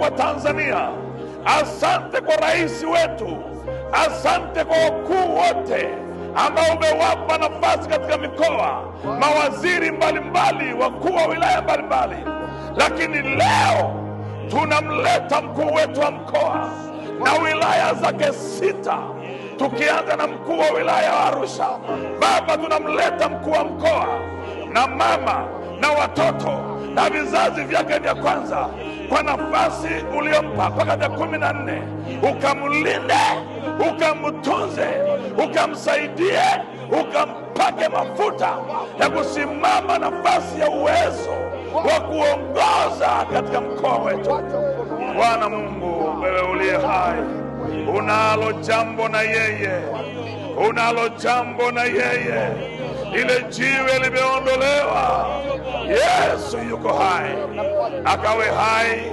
kwa Tanzania. Asante kwa rais wetu, asante kwa wakuu wote ambao umewapa nafasi katika mikoa, mawaziri mbalimbali, wakuu wa wilaya mbalimbali. Lakini leo tunamleta mkuu wetu wa mkoa na wilaya zake sita, tukianza na mkuu wa wilaya wa Arusha. Baba, tunamleta mkuu wa mkoa na mama na watoto na vizazi vyake vya kwanza kwa nafasi uliyompa mpaka vya kumi na nne ukamlinde ukamtunze ukamsaidie ukampake mafuta ya kusimama nafasi ya uwezo wa kuongoza katika mkoa wetu bwana mungu wewe uliye hai unalo jambo na yeye unalo jambo na yeye ile jiwe limeondolewa Yesu yuko hai, akawe hai,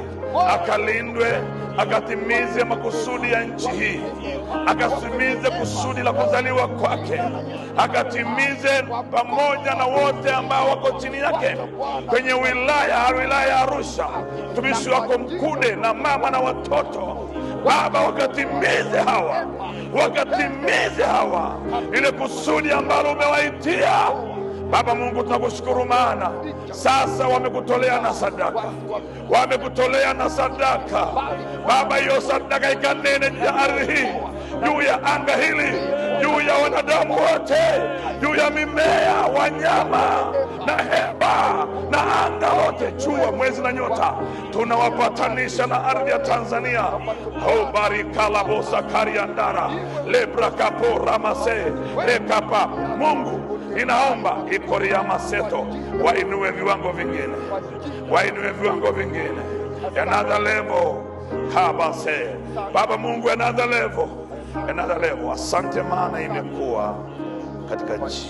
akalindwe, akatimize makusudi ya nchi hii, akatimize kusudi la kuzaliwa kwake, akatimize pamoja na wote ambao wako chini yake kwenye wilaya wilaya ya Arusha, mtumishi wako Mkude na mama na watoto Baba, wakatimize hawa, wakatimize hawa ile kusudi ambalo umewaitia Baba Mungu, tunakushukuru maana sasa wamekutolea na sadaka, wamekutolea na sadaka Baba, hiyo sadaka ikanene juu ya ardhi hii, juu ya anga hili, juu ya wanadamu wote, juu ya mimea, wanyama na hewa wote, jua, mwezi na nyota, tunawapatanisha na ardhi ya Tanzania. obarikalaboskariandara lebrakaporamase lekapa Mungu ninaomba ikoria maseto wainue viwango vingine, wainue viwango vingine, another level kabase. Baba Mungu, another level, another level. Asante, maana imekuwa katika nchi